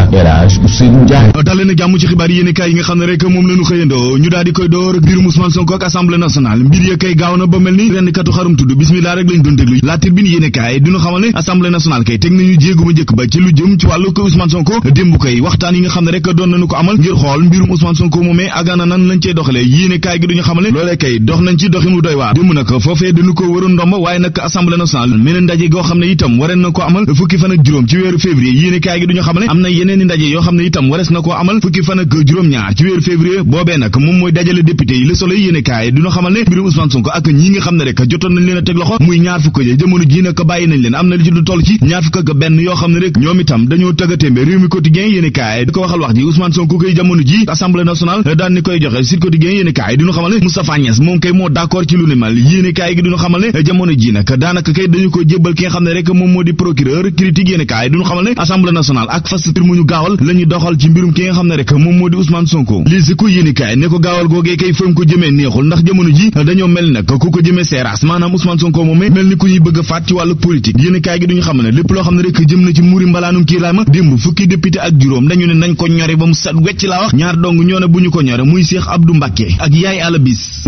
Euh, ak El Hadj Ousseynou Ndiaye jàmm ci xibaar yéen kaay yi nga xam ne rek moom lañu xëyandoo ñu daal koy door ak mbirum Ousmane Sonko ak assemblée nationale mbir ya kay gaaw na ba mel ni renn xarum tudd bismillah rek lañ doon déglu la tribune yéen kaay duñu xamal ne assemblée kay teg nañu jéegu ba ba ci lu jëm ci wàllu ko Ousmane Sonko démb koy waxtaan yi nga xam ne rek doon nañu ko amal ngir xool mbirum Ousmane Sonko moomee agana nan lañ cey doxale yéen kaay yeneen i ndaje yoo xam ne itam wares na koo amal fukki fan juróom-ñaar ci weeru février boobee nag moom mooy dajale député yi Le Soleil yéene kaay xamal ne mbirum Ousmane Sonko ak ñi nga xam ne rek jotoon nañ leen a teg loxo muy ñaar fukk ja ji nag bàyyi nañ leen am na li ci du toll ci ñaar fukk ak benn yoo xam ne rek ñoom itam dañoo tëggatémbe réew mi quotidien yéene kaay xamal ne Moustapha Niass moom kay moo d'accord ci lu ne jamono ji nag ñu gaawal la ñu doxal ci mbirum ki nga xam ne rek moom moo di Ousmane Sonko lisi ko yéenikaay ne ko gaawal googee kay fa ko jëmee neexul ndax jamono ji dañoo mel nag ku ko jëmee seeraas maanaam Ousmane Sonko moomee mel ni ku ñuy bëgg a faat xam ne lépp loo xam ne rek jëm na ci muuri mbalaanum kiiraama démb fukki député ak juróom dañu ne nañ ko ñore ba mu sat wecc laa wax ñaar dong ñoo ne bu ñu ko ñore muy Cheikh Abdou Mbacké ak Yaay Alabis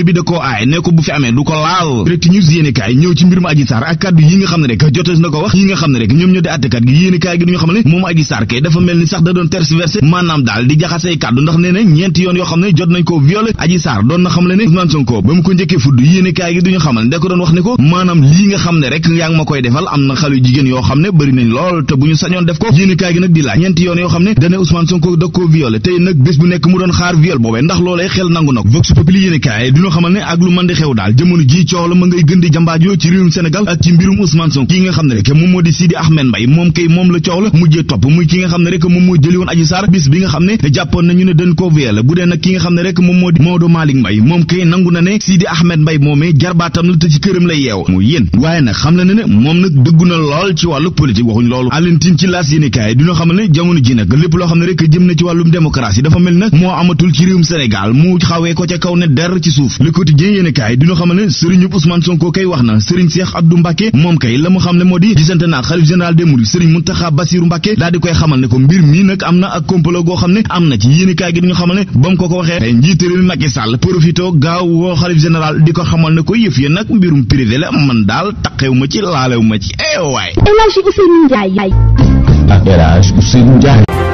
sëriñ bi da koo aay ne ko bu fi amee du ko laal direct news yéenekaay ñëw ci mbirum Adji Sarr ak kàddu yi nga xam ne rek jotees na ko wax yi nga xam ne moom Adji kay dafa mel ni sax da doon tergiversé maanaam daal di jaxasee kàddu ndax nee na yoon yoo xam ne jot nañ ko violé Adji doon na xam le ne Ousmane Sonko ba mu ko njëkkee fudd yéenekaay gi duñu xamal ne da ko doon wax ne ko maanaam lii nga xam ne rek yaa ngi ma koy defal am na xale yu ñu xamal ne ak lu mën di xew daal jamono ji coow la ma ngay gën di jambaajoo ci réewum Sénégal ak ci mbirum Ousmane Sonko ki nga xam ne rek moom moo di Sidi Ahmed Mbaye moom kay moom la coow la ne rek moo jëli woon Adji Sarr bis ne jàppoon nañu ne dañ ko viole bu dee nag ki nga xam ne rek moom moo di Maodo Malick Mbaye moom kay nangu na ne Sidi Ahmed Mbaye moomee jarbaatam la te ci këram lay yeew mu yéen waaye nag xam na ne ne moom nag dëggu na lool ci wàllu politique waxuñ loolu Alentine ci laas yéene kaay dina xam ne jamono ji nag lépp loo xam ne rek jëm na ci wàllum démocratie dafa mel nag moo amatul ci réewum Sénégal mu xawee ko ca kaw ne der ci suuf suuf le quotidien yéen kaay di ñu xamal ne sëriñu Ousmane Sonko kay wax na sëriñ Cheikh Abdou Mbacke moom kay la mu xam ne moo di gisante naa xalif général des mourides sëriñ Mountakha Bassirou Mbacke daal di koy xamal ne ko mbir mii nag am na ak complot goo xam ne am na ci yéen kaay gi di xamal ne ba mu ko ko waxee tey njiitu réew mi Macky Sall profito gaaw woo xalif général di ko xamal ne ko yëf yi nag mbirum privé la man daal taqew ma ci laalew ma ci eewaay eh Elhadji Ousseynou Ndiaye ah,